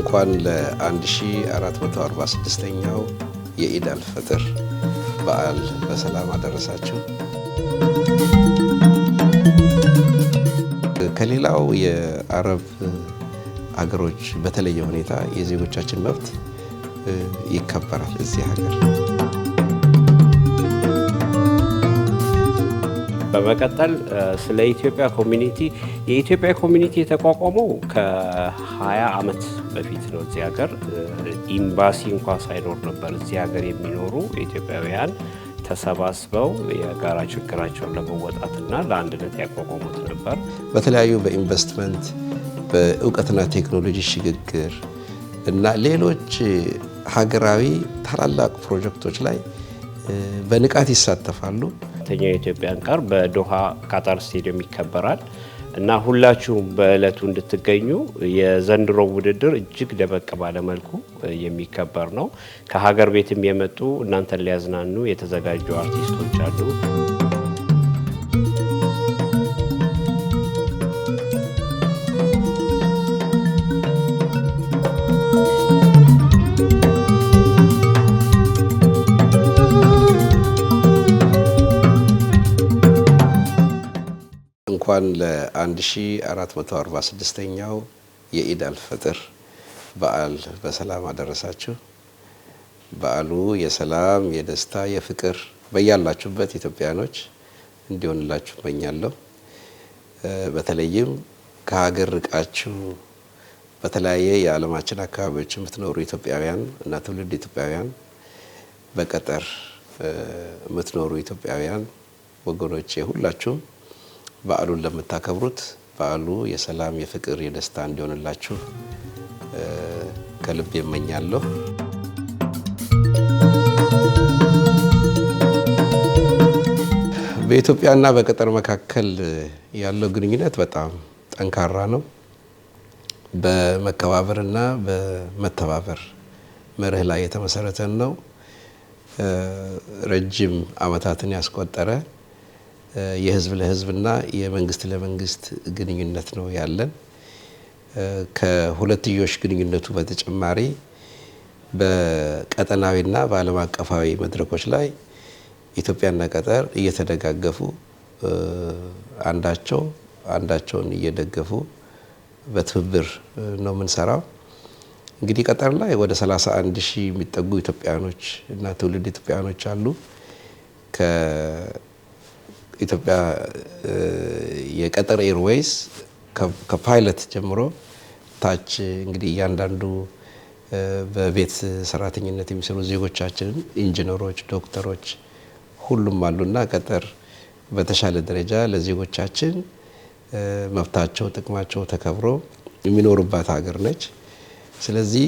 እንኳን ለ1446ኛው የኢድ አልፈጥር በዓል በሰላም አደረሳችሁ። ከሌላው የአረብ አገሮች በተለየ ሁኔታ የዜጎቻችን መብት ይከበራል እዚህ ሀገር። በመቀጠል ስለ ኢትዮጵያ ኮሚኒቲ የኢትዮጵያ ኮሚኒቲ የተቋቋመው ከ20 ዓመት በፊት ነው እዚህ ሀገር ኢምባሲ እንኳ ሳይኖር ነበር እዚህ ሀገር የሚኖሩ ኢትዮጵያውያን ተሰባስበው የጋራ ችግራቸውን ለመወጣትና ለአንድነት ያቋቋሙት ነበር። በተለያዩ በኢንቨስትመንት በእውቀትና ቴክኖሎጂ ሽግግር እና ሌሎች ሀገራዊ ታላላቅ ፕሮጀክቶች ላይ በንቃት ይሳተፋሉ። ተኛ የኢትዮጵያን ቃር በዶሃ ካታር ስቴዲየም ይከበራል። እና ሁላችሁም በእለቱ እንድትገኙ የዘንድሮ ውድድር እጅግ ደመቅ ባለመልኩ የሚከበር ነው። ከሀገር ቤትም የመጡ እናንተን ሊያዝናኑ የተዘጋጁ አርቲስቶች አሉ። እንኳን ለ1446ኛው የኢድ አልፈጥር በዓል በሰላም አደረሳችሁ። በዓሉ የሰላም፣ የደስታ፣ የፍቅር በያላችሁበት ኢትዮጵያኖች እንዲሆንላችሁ እመኛለሁ። በተለይም ከሀገር ርቃችሁ በተለያየ የዓለማችን አካባቢዎች የምትኖሩ ኢትዮጵያውያን እና ትውልድ ኢትዮጵያውያን በቀጠር የምትኖሩ ኢትዮጵያውያን ወገኖቼ ሁላችሁም በዓሉን ለምታከብሩት በዓሉ የሰላም፣ የፍቅር፣ የደስታ እንዲሆንላችሁ ከልብ የመኛለሁ። በኢትዮጵያና በቀጠር መካከል ያለው ግንኙነት በጣም ጠንካራ ነው። በመከባበርና በመተባበር መርህ ላይ የተመሰረተ ነው። ረጅም ዓመታትን ያስቆጠረ የህዝብ ለህዝብና የመንግስት ለመንግስት ግንኙነት ነው ያለን። ከሁለትዮሽ ግንኙነቱ በተጨማሪ በቀጠናዊና በዓለም አቀፋዊ መድረኮች ላይ ኢትዮጵያና ቀጠር እየተደጋገፉ አንዳቸው አንዳቸውን እየደገፉ በትብብር ነው የምንሰራው። እንግዲህ ቀጠር ላይ ወደ 31 ሺህ የሚጠጉ ኢትዮጵያኖች እና ትውልድ ኢትዮጵያኖች አሉ። ኢትዮጵያ የቀጠር ኤርዌይስ ከፓይለት ጀምሮ ታች እንግዲህ እያንዳንዱ በቤት ሰራተኝነት የሚሰሩ ዜጎቻችንን ኢንጂነሮች፣ ዶክተሮች ሁሉም አሉና ቀጠር በተሻለ ደረጃ ለዜጎቻችን መብታቸው፣ ጥቅማቸው ተከብሮ የሚኖሩባት ሀገር ነች። ስለዚህ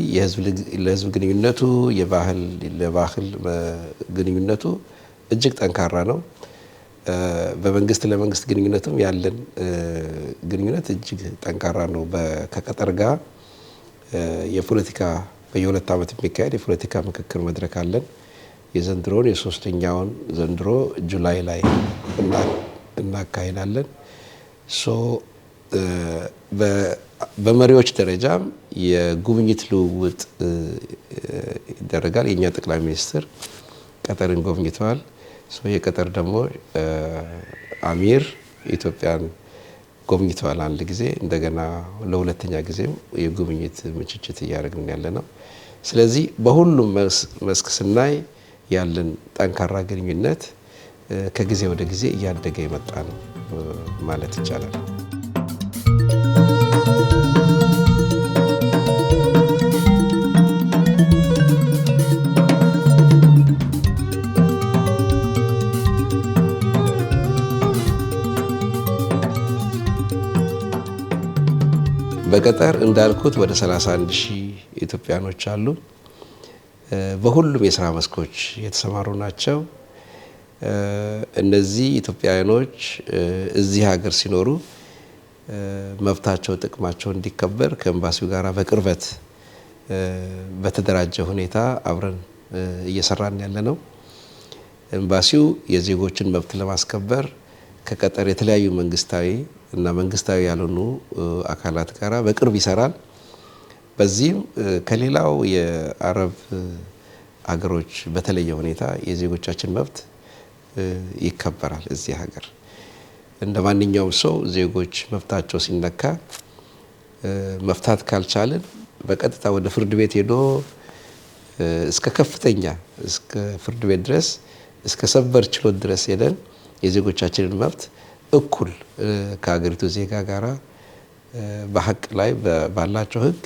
ለህዝብ ግንኙነቱ የባህል ለባህል ግንኙነቱ እጅግ ጠንካራ ነው። በመንግስት ለመንግስት ግንኙነትም ያለን ግንኙነት እጅግ ጠንካራ ነው። ከቀጠር ጋር የፖለቲካ በየሁለት ዓመት የሚካሄድ የፖለቲካ ምክክር መድረክ አለን። የዘንድሮውን የሶስተኛውን ዘንድሮ ጁላይ ላይ እናካሄዳለን። በመሪዎች ደረጃም የጉብኝት ልውውጥ ይደረጋል። የእኛ ጠቅላይ ሚኒስትር ቀጠርን ጎብኝተዋል። የቀጠር ደግሞ አሚር ኢትዮጵያን ጎብኝተዋል አንድ ጊዜ። እንደገና ለሁለተኛ ጊዜም የጉብኝት ምችችት እያደረግን ያለ ነው። ስለዚህ በሁሉም መስክ ስናይ ያለን ጠንካራ ግንኙነት ከጊዜ ወደ ጊዜ እያደገ የመጣ ነው ማለት ይቻላል። በገጠር እንዳልኩት ወደ 31 ሺህ ኢትዮጵያኖች አሉ። በሁሉም የስራ መስኮች የተሰማሩ ናቸው። እነዚህ ኢትዮጵያውያኖች እዚህ ሀገር ሲኖሩ መብታቸው፣ ጥቅማቸው እንዲከበር ከኤምባሲው ጋር በቅርበት በተደራጀ ሁኔታ አብረን እየሰራን ያለ ነው። ኤምባሲው የዜጎችን መብት ለማስከበር ከቀጠር የተለያዩ መንግስታዊ እና መንግስታዊ ያልሆኑ አካላት ጋር በቅርብ ይሰራል። በዚህም ከሌላው የአረብ አገሮች በተለየ ሁኔታ የዜጎቻችን መብት ይከበራል። እዚህ ሀገር እንደ ማንኛውም ሰው ዜጎች መብታቸው ሲነካ መፍታት ካልቻልን በቀጥታ ወደ ፍርድ ቤት ሄዶ እስከ ከፍተኛ እስከ ፍርድ ቤት ድረስ እስከ ሰበር ችሎት ድረስ ሄደን የዜጎቻችንን መብት እኩል ከሀገሪቱ ዜጋ ጋር በሀቅ ላይ ባላቸው ህግ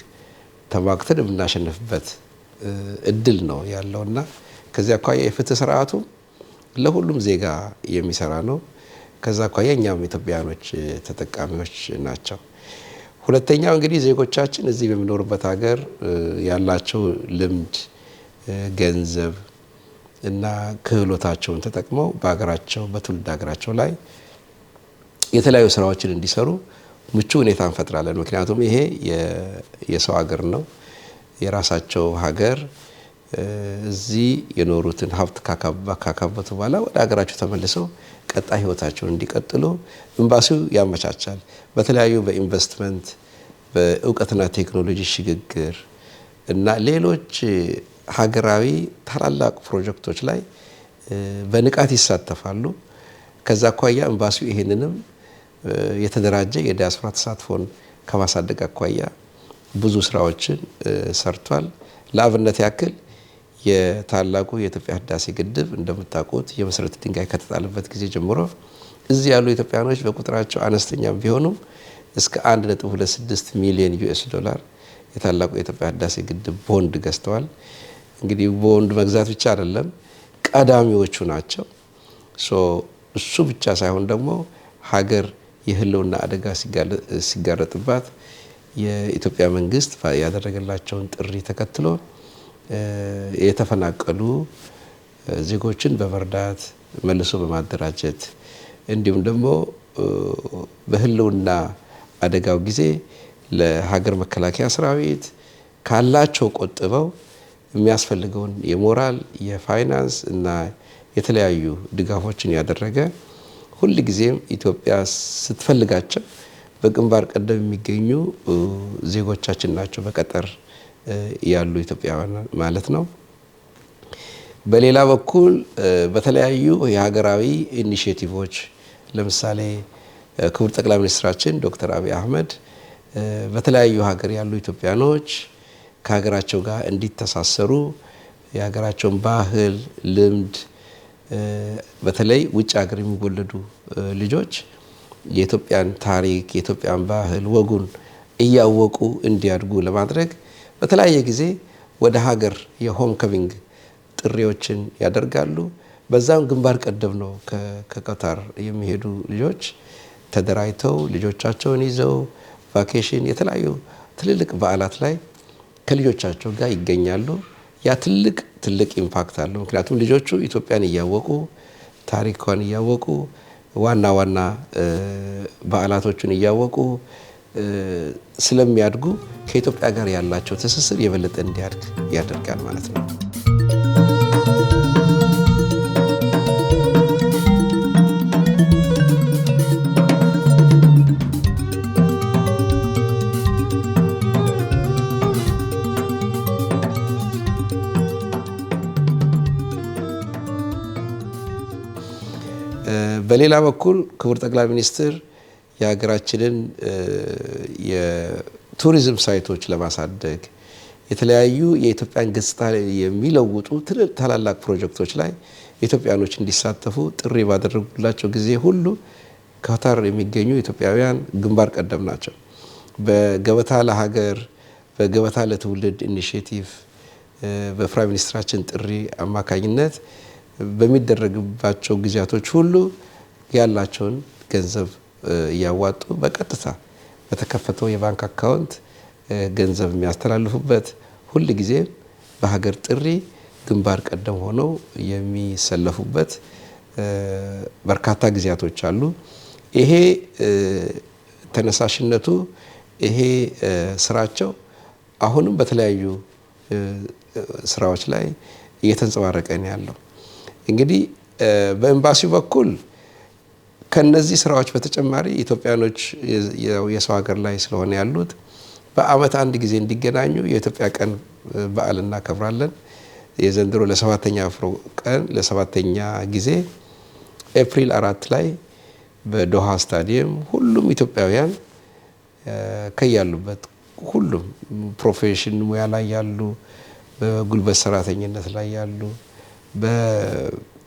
ተሟግተን የምናሸንፍበት እድል ነው እና ከዚያ አኳያ የፍትህ ስርዓቱ ለሁሉም ዜጋ የሚሰራ ነው። ከዛ አኳያ እኛም ኢትዮጵያውያኖች ተጠቃሚዎች ናቸው። ሁለተኛው እንግዲህ ዜጎቻችን እዚህ በሚኖሩበት ሀገር ያላቸው ልምድ፣ ገንዘብ እና ክህሎታቸውን ተጠቅመው በሀገራቸው በትውልድ ሀገራቸው ላይ የተለያዩ ስራዎችን እንዲሰሩ ምቹ ሁኔታ እንፈጥራለን። ምክንያቱም ይሄ የሰው ሀገር ነው። የራሳቸው ሀገር እዚህ የኖሩትን ሀብት ካካበቱ በኋላ ወደ ሀገራቸው ተመልሰው ቀጣይ ህይወታቸውን እንዲቀጥሉ ኤምባሲው ያመቻቻል። በተለያዩ በኢንቨስትመንት በእውቀትና ቴክኖሎጂ ሽግግር እና ሌሎች ሀገራዊ ታላላቅ ፕሮጀክቶች ላይ በንቃት ይሳተፋሉ። ከዛ አኳያ ኤምባሲው ይህንንም የተደራጀ የዲያስፖራ ተሳትፎን ከማሳደግ አኳያ ብዙ ስራዎችን ሰርቷል። ለአብነት ያክል የታላቁ የኢትዮጵያ ህዳሴ ግድብ እንደምታውቁት የመሰረት ድንጋይ ከተጣለበት ጊዜ ጀምሮ እዚህ ያሉ ኢትዮጵያኖች በቁጥራቸው አነስተኛ ቢሆኑም እስከ 1.26 ሚሊዮን ዩኤስ ዶላር የታላቁ የኢትዮጵያ ህዳሴ ግድብ ቦንድ ገዝተዋል። እንግዲህ ቦንድ መግዛት ብቻ አይደለም፣ ቀዳሚዎቹ ናቸው። እሱ ብቻ ሳይሆን ደግሞ ሀገር የህልውና አደጋ ሲጋረጥባት የኢትዮጵያ መንግስት ያደረገላቸውን ጥሪ ተከትሎ የተፈናቀሉ ዜጎችን በመርዳት መልሶ በማደራጀት እንዲሁም ደግሞ በህልውና አደጋው ጊዜ ለሀገር መከላከያ ሰራዊት ካላቸው ቆጥበው የሚያስፈልገውን የሞራል የፋይናንስ እና የተለያዩ ድጋፎችን ያደረገ ሁል ጊዜም ኢትዮጵያ ስትፈልጋቸው በግንባር ቀደም የሚገኙ ዜጎቻችን ናቸው፣ በቀጠር ያሉ ኢትዮጵያውያን ማለት ነው። በሌላ በኩል በተለያዩ የሀገራዊ ኢኒሽቲቮች ለምሳሌ ክቡር ጠቅላይ ሚኒስትራችን ዶክተር አብይ አህመድ በተለያዩ ሀገር ያሉ ኢትዮጵያኖች ከሀገራቸው ጋር እንዲተሳሰሩ የሀገራቸውን ባህል ልምድ በተለይ ውጭ ሀገር የሚወለዱ ልጆች የኢትዮጵያን ታሪክ፣ የኢትዮጵያን ባህል ወጉን እያወቁ እንዲያድጉ ለማድረግ በተለያየ ጊዜ ወደ ሀገር የሆም ከሚንግ ጥሪዎችን ያደርጋሉ። በዛም ግንባር ቀደም ነው ከቀታር የሚሄዱ ልጆች ተደራጅተው ልጆቻቸውን ይዘው ቫኬሽን የተለያዩ ትልልቅ በዓላት ላይ ከልጆቻቸው ጋር ይገኛሉ። ያ ትልቅ ትልቅ ኢምፓክት አለው። ምክንያቱም ልጆቹ ኢትዮጵያን እያወቁ ታሪኳን እያወቁ ዋና ዋና በዓላቶቹን እያወቁ ስለሚያድጉ ከኢትዮጵያ ጋር ያላቸው ትስስር የበለጠ እንዲያድግ ያደርጋል ማለት ነው። በሌላ በኩል ክቡር ጠቅላይ ሚኒስትር የሀገራችንን የቱሪዝም ሳይቶች ለማሳደግ የተለያዩ የኢትዮጵያን ገጽታ የሚለውጡ ታላላቅ ፕሮጀክቶች ላይ ኢትዮጵያኖች እንዲሳተፉ ጥሪ ባደረጉላቸው ጊዜ ሁሉ ካታር የሚገኙ ኢትዮጵያውያን ግንባር ቀደም ናቸው። በገበታ ለሀገር፣ በገበታ ለትውልድ ኢኒሽቲቭ በፕራይም ሚኒስትራችን ጥሪ አማካኝነት በሚደረግባቸው ጊዜያቶች ሁሉ ያላቸውን ገንዘብ እያዋጡ በቀጥታ በተከፈተው የባንክ አካውንት ገንዘብ የሚያስተላልፉበት ሁል ጊዜም በሀገር ጥሪ ግንባር ቀደም ሆነው የሚሰለፉበት በርካታ ጊዜያቶች አሉ። ይሄ ተነሳሽነቱ ይሄ ስራቸው አሁንም በተለያዩ ስራዎች ላይ እየተንጸባረቀ ነው ያለው። እንግዲህ በኤምባሲው በኩል ከነዚህ ስራዎች በተጨማሪ ኢትዮጵያኖች የሰው ሀገር ላይ ስለሆነ ያሉት በአመት አንድ ጊዜ እንዲገናኙ የኢትዮጵያ ቀን በዓል እናከብራለን። የዘንድሮ ለሰባተኛ አፍሮ ቀን ለሰባተኛ ጊዜ ኤፕሪል አራት ላይ በዶሃ ስታዲየም ሁሉም ኢትዮጵያውያን ከያሉበት ሁሉም ፕሮፌሽን ሙያ ላይ ያሉ፣ በጉልበት ሰራተኝነት ላይ ያሉ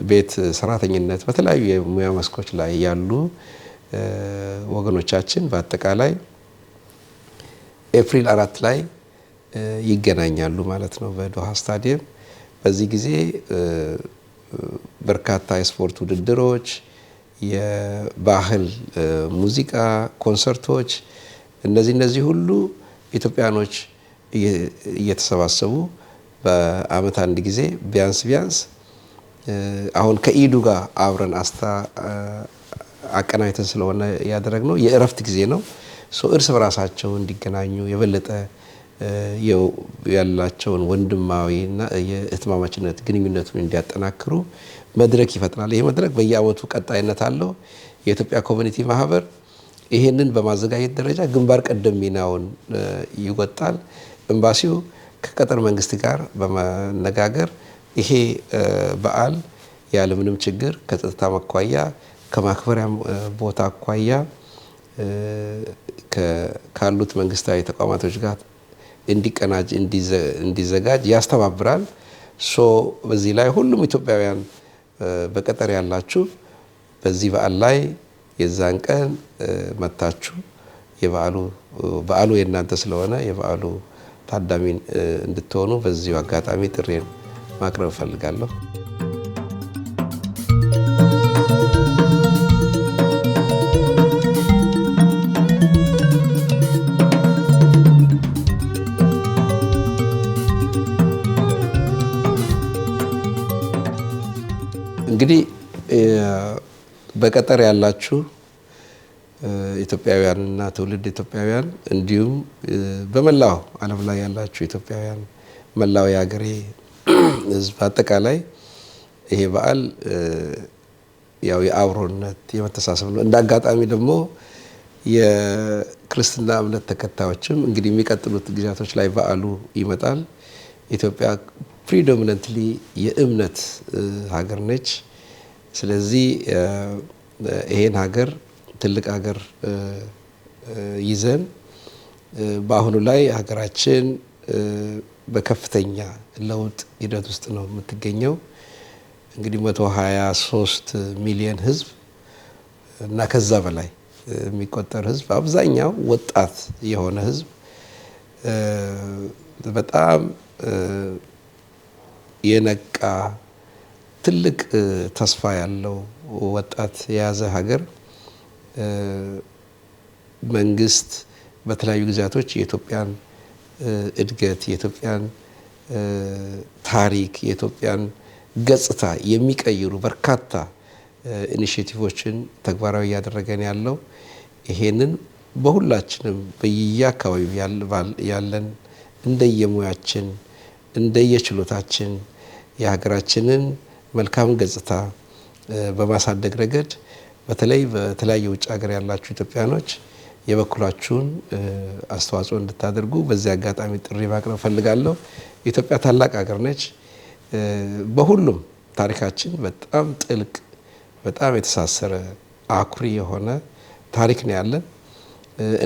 ቤት ሰራተኝነት በተለያዩ የሙያ መስኮች ላይ ያሉ ወገኖቻችን በአጠቃላይ ኤፕሪል አራት ላይ ይገናኛሉ ማለት ነው በዶሃ ስታዲየም። በዚህ ጊዜ በርካታ የስፖርት ውድድሮች፣ የባህል ሙዚቃ ኮንሰርቶች፣ እነዚህ እነዚህ ሁሉ ኢትዮጵያኖች እየተሰባሰቡ በአመት አንድ ጊዜ ቢያንስ ቢያንስ አሁን ከኢዱ ጋር አብረን አስታ አቀናጅተን ስለሆነ ያደረግነው የእረፍት ጊዜ ነው። እርስ በራሳቸው እንዲገናኙ የበለጠ ያላቸውን ወንድማዊና የእህትማማችነት ግንኙነቱን እንዲያጠናክሩ መድረክ ይፈጥናል። ይሄ መድረክ በየአመቱ ቀጣይነት አለው። የኢትዮጵያ ኮሚኒቲ ማህበር ይህንን በማዘጋጀት ደረጃ ግንባር ቀደም ሚናውን ይወጣል። ኤምባሲው ከቀጠር መንግስት ጋር በመነጋገር ይሄ በዓል ያለምንም ችግር ከጸጥታ አኳያ ከማክበሪያ ቦታ አኳያ ካሉት መንግስታዊ ተቋማቶች ጋር እንዲቀናጅ እንዲዘጋጅ ያስተባብራል። ሶ በዚህ ላይ ሁሉም ኢትዮጵያውያን በቀጠር ያላችሁ በዚህ በዓል ላይ የዛን ቀን መታችሁ የበዓሉ በዓሉ የእናንተ ስለሆነ የበዓሉ ታዳሚ እንድትሆኑ በዚሁ አጋጣሚ ጥሬ ነው። ማቅረብ እፈልጋለሁ። እንግዲህ በቀጠር ያላችሁ ኢትዮጵያውያንና ትውልድ ኢትዮጵያውያን እንዲሁም በመላው ዓለም ላይ ያላችሁ ኢትዮጵያውያን መላው የሀገሬ ህዝብ አጠቃላይ ይሄ በዓል ያው የአብሮነት የመተሳሰብ ነው። እንደ አጋጣሚ ደግሞ የክርስትና እምነት ተከታዮችም እንግዲህ የሚቀጥሉት ጊዜያቶች ላይ በዓሉ ይመጣል። ኢትዮጵያ ፕሪዶሚነንትሊ የእምነት ሀገር ነች። ስለዚህ ይሄን ሀገር ትልቅ ሀገር ይዘን በአሁኑ ላይ ሀገራችን በከፍተኛ ለውጥ ሂደት ውስጥ ነው የምትገኘው። እንግዲህ 123 ሚሊዮን ህዝብ እና ከዛ በላይ የሚቆጠር ህዝብ አብዛኛው ወጣት የሆነ ህዝብ በጣም የነቃ ትልቅ ተስፋ ያለው ወጣት የያዘ ሀገር መንግስት በተለያዩ ጊዜያቶች የኢትዮጵያን እድገት የኢትዮጵያን ታሪክ የኢትዮጵያን ገጽታ የሚቀይሩ በርካታ ኢኒሽቲቮችን ተግባራዊ እያደረገን ያለው ይሄንን በሁላችንም በየአካባቢው ያለን እንደየሙያችን እንደየችሎታችን የሀገራችንን መልካም ገጽታ በማሳደግ ረገድ በተለይ በተለያየ ውጭ ሀገር ያላችሁ ኢትዮጵያኖች የበኩላችሁን አስተዋጽኦ እንድታደርጉ በዚህ አጋጣሚ ጥሪ ማቅረብ ፈልጋለሁ ኢትዮጵያ ታላቅ ሀገር ነች። በሁሉም ታሪካችን በጣም ጥልቅ፣ በጣም የተሳሰረ አኩሪ የሆነ ታሪክ ነው ያለን።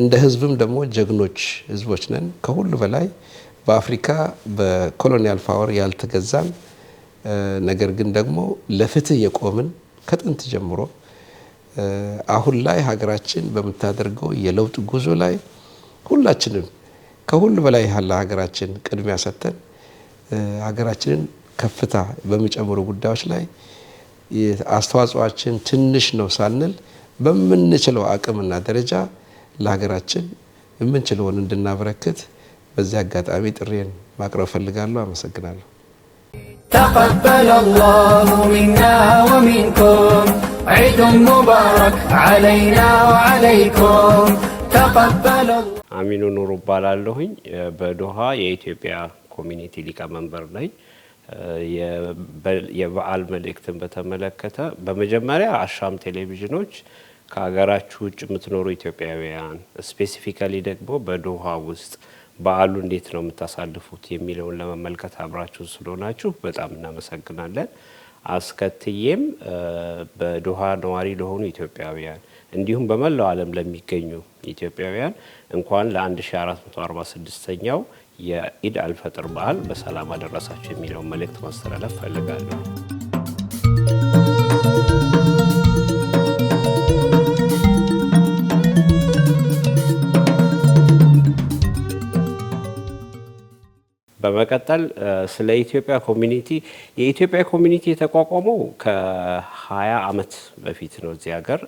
እንደ ህዝብም ደግሞ ጀግኖች ህዝቦች ነን። ከሁሉ በላይ በአፍሪካ በኮሎኒያል ፓወር ያልተገዛን ነገር ግን ደግሞ ለፍትህ የቆምን ከጥንት ጀምሮ አሁን ላይ ሀገራችን በምታደርገው የለውጥ ጉዞ ላይ ሁላችንም ከሁሉ በላይ ሀገራችን ቅድሚያ ሰጥተን ሀገራችንን ከፍታ በሚጨምሩ ጉዳዮች ላይ አስተዋጽኦችን ትንሽ ነው ሳንል በምንችለው አቅምና ደረጃ ለሀገራችን የምንችለውን እንድናበረክት በዚህ አጋጣሚ ጥሬን ማቅረብ ፈልጋለሁ። አመሰግናለሁ። ተቀበለ አላሁ ሚና ወሚንኩም ዒድ ሙባረክ ዓለይና ወዓለይኩም አሚኑ ኑሩ እባላለሁኝ። በዶሃ የኢትዮጵያ ኮሚኒቲ ሊቀመንበር ነኝ። የበዓል መልእክትን በተመለከተ በመጀመሪያ አሻም ቴሌቪዥኖች ከሀገራችሁ ውጭ የምትኖሩ ኢትዮጵያውያን ስፔሲፊካሊ ደግሞ በዶሃ ውስጥ በዓሉ እንዴት ነው የምታሳልፉት የሚለውን ለመመልከት አብራችሁ ስለሆናችሁ በጣም እናመሰግናለን። አስከትዬም በዱሃ ነዋሪ ለሆኑ ኢትዮጵያውያን እንዲሁም በመላው ዓለም ለሚገኙ ኢትዮጵያውያን እንኳን ለ1446ኛው የኢድ አልፈጥር በዓል በሰላም አደረሳችሁ የሚለውን መልእክት ማስተላለፍ ፈልጋለሁ። በመቀጠል ስለ ኢትዮጵያ ኮሚኒቲ የኢትዮጵያ ኮሚኒቲ የተቋቋመው ከ20 ዓመት በፊት ነው። እዚህ ሀገር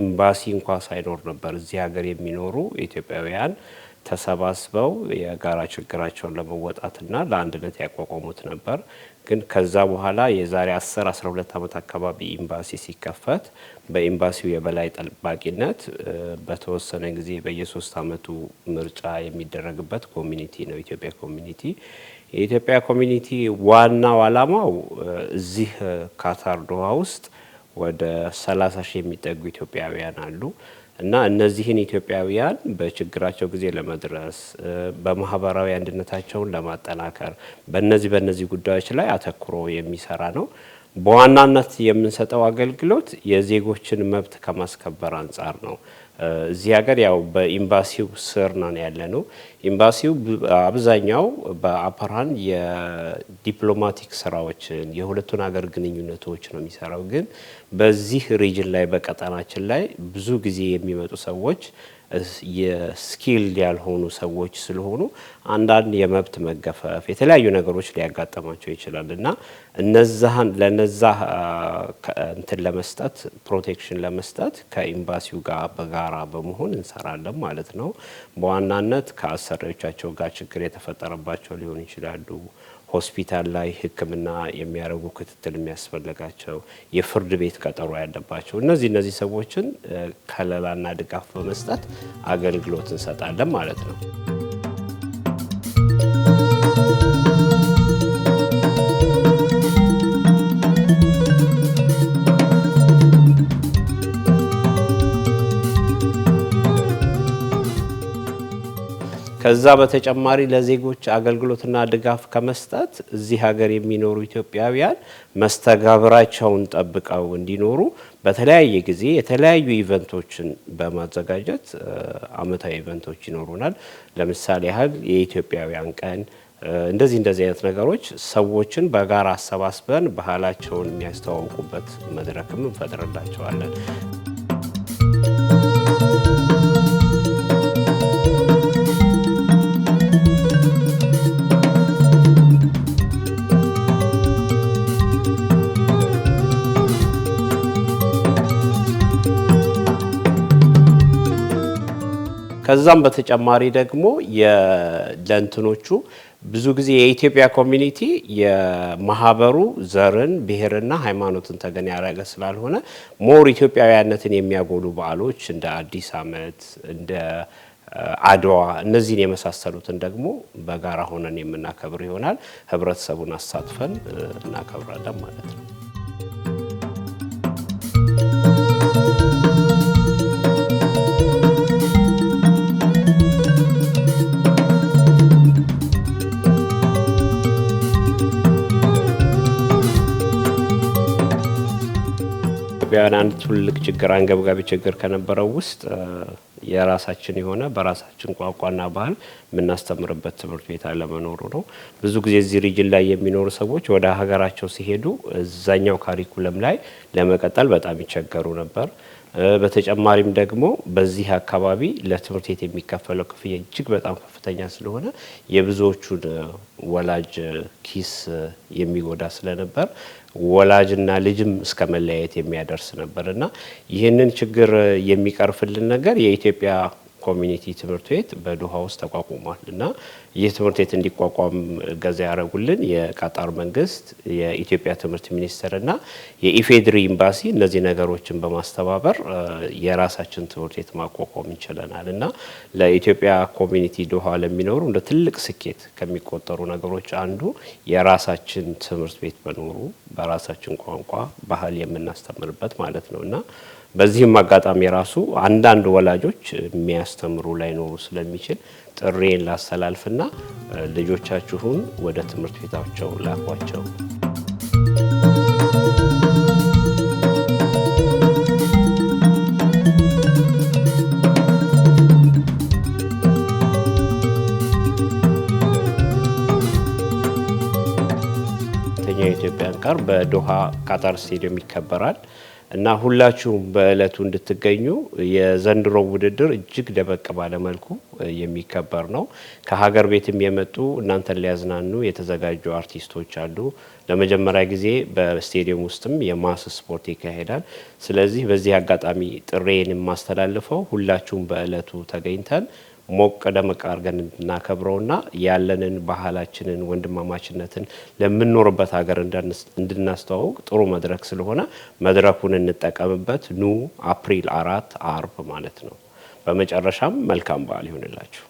ኢምባሲ እንኳ ሳይኖር ነበር። እዚህ ሀገር የሚኖሩ ኢትዮጵያውያን ተሰባስበው የጋራ ችግራቸውን ለመወጣትና ለአንድነት ያቋቋሙት ነበር። ግን ከዛ በኋላ የዛሬ 10 12 ዓመት አካባቢ ኤምባሲ ሲከፈት በኤምባሲው የበላይ ጠባቂነት በተወሰነ ጊዜ በየሶስት ዓመቱ ምርጫ የሚደረግበት ኮሚኒቲ ነው ኢትዮጵያ ኮሚኒቲ። የኢትዮጵያ ኮሚኒቲ ዋናው ዓላማው እዚህ ካታር ዶሃ ውስጥ ወደ 30 ሺህ የሚጠጉ ኢትዮጵያውያን አሉ። እና እነዚህን ኢትዮጵያውያን በችግራቸው ጊዜ ለመድረስ በማህበራዊ አንድነታቸውን ለማጠናከር በነዚህ በነዚህ ጉዳዮች ላይ አተኩሮ የሚሰራ ነው። በዋናነት የምንሰጠው አገልግሎት የዜጎችን መብት ከማስከበር አንጻር ነው። እዚህ ሀገር ያው በኢምባሲው ስር ነው ያለ ነው። ኢምባሲው አብዛኛው በአፓራን የዲፕሎማቲክ ስራዎችን የሁለቱን ሀገር ግንኙነቶች ነው የሚሰራው። ግን በዚህ ሪጅን ላይ በቀጠናችን ላይ ብዙ ጊዜ የሚመጡ ሰዎች የስኪልድ ያልሆኑ ሰዎች ስለሆኑ አንዳንድ የመብት መገፈፍ የተለያዩ ነገሮች ሊያጋጠማቸው ይችላል እና እነዛን ለነዛ እንትን ለመስጠት ፕሮቴክሽን ለመስጠት ከኤምባሲው ጋር በጋራ በመሆን እንሰራለን ማለት ነው። በዋናነት ከአሰሪዎቻቸው ጋር ችግር የተፈጠረባቸው ሊሆን ይችላሉ ሆስፒታል ላይ ሕክምና የሚያደርጉ ክትትል የሚያስፈልጋቸው የፍርድ ቤት ቀጠሮ ያለባቸው እነዚህ እነዚህ ሰዎችን ከለላና ድጋፍ በመስጠት አገልግሎት እንሰጣለን ማለት ነው። ከዛ በተጨማሪ ለዜጎች አገልግሎትና ድጋፍ ከመስጠት እዚህ ሀገር የሚኖሩ ኢትዮጵያውያን መስተጋብራቸውን ጠብቀው እንዲኖሩ በተለያየ ጊዜ የተለያዩ ኢቨንቶችን በማዘጋጀት አመታዊ ኢቨንቶች ይኖሩናል። ለምሳሌ ያህል የኢትዮጵያውያን ቀን እንደዚህ እንደዚህ አይነት ነገሮች ሰዎችን በጋራ አሰባስበን ባህላቸውን የሚያስተዋውቁበት መድረክም እንፈጥርላቸዋለን። ከዛም በተጨማሪ ደግሞ ለእንትኖቹ ብዙ ጊዜ የኢትዮጵያ ኮሚኒቲ የማህበሩ ዘርን ብሔርና ሃይማኖትን ተገን ያደረገ ስላልሆነ ሞር ኢትዮጵያውያነትን የሚያጎሉ በዓሎች እንደ አዲስ ዓመት እንደ አድዋ እነዚህን የመሳሰሉትን ደግሞ በጋራ ሆነን የምናከብር ይሆናል። ህብረተሰቡን አሳትፈን እናከብራለን ማለት ነው። ኢትዮጵያውያን አንድ ትልቅ ችግር አንገብጋቢ ችግር ከነበረው ውስጥ የራሳችን የሆነ በራሳችን ቋንቋና ባህል የምናስተምርበት ትምህርት ቤት አለመኖሩ ነው። ብዙ ጊዜ እዚህ ሪጅን ላይ የሚኖሩ ሰዎች ወደ ሀገራቸው ሲሄዱ እዛኛው ካሪኩለም ላይ ለመቀጠል በጣም ይቸገሩ ነበር። በተጨማሪም ደግሞ በዚህ አካባቢ ለትምህርት ቤት የሚከፈለው ክፍያ እጅግ በጣም ከፍተኛ ስለሆነ የብዙዎቹን ወላጅ ኪስ የሚጎዳ ስለነበር ወላጅና ልጅም እስከ መለያየት የሚያደርስ ነበር እና ይህንን ችግር የሚቀርፍልን ነገር የኢትዮጵያ ኮሚኒቲ ትምህርት ቤት በዱሃ ውስጥ ተቋቁሟል እና ይህ ትምህርት ቤት እንዲቋቋም ገዛ ያደረጉልን የቃጣር መንግስት፣ የኢትዮጵያ ትምህርት ሚኒስቴር እና የኢፌድሪ ኤምባሲ እነዚህ ነገሮችን በማስተባበር የራሳችን ትምህርት ቤት ማቋቋም እንችለናል እና ለኢትዮጵያ ኮሚኒቲ ዱሃ ለሚኖሩ እንደ ትልቅ ስኬት ከሚቆጠሩ ነገሮች አንዱ የራሳችን ትምህርት ቤት መኖሩ በራሳችን ቋንቋ ባህል የምናስተምርበት ማለት ነው እና በዚህም አጋጣሚ ራሱ አንዳንድ ወላጆች የሚያስተምሩ ላይኖሩ ስለሚችል ጥሬን ላስተላልፍና ልጆቻችሁን ወደ ትምህርት ቤታቸው ላኳቸው። ኢትዮጵያን የኢትዮጵያን በዶሃ ቃጣር ስቴዲየም ይከበራል። እና ሁላችሁም በእለቱ እንድትገኙ የዘንድሮ ውድድር እጅግ ደመቅ ባለመልኩ የሚከበር ነው። ከሀገር ቤትም የመጡ እናንተን ሊያዝናኑ የተዘጋጁ አርቲስቶች አሉ። ለመጀመሪያ ጊዜ በስቴዲየም ውስጥም የማስ ስፖርት ይካሄዳል። ስለዚህ በዚህ አጋጣሚ ጥሬን የማስተላልፈው ሁላችሁም በእለቱ ተገኝተን ሞቅ ደመቅ አድርገን እንድናከብረውና ያለንን ባህላችንን ወንድማማችነትን ለምንኖርበት ሀገር እንድናስተዋውቅ ጥሩ መድረክ ስለሆነ መድረኩን እንጠቀምበት። ኑ አፕሪል አራት አርብ ማለት ነው። በመጨረሻም መልካም በዓል ይሆንላችሁ።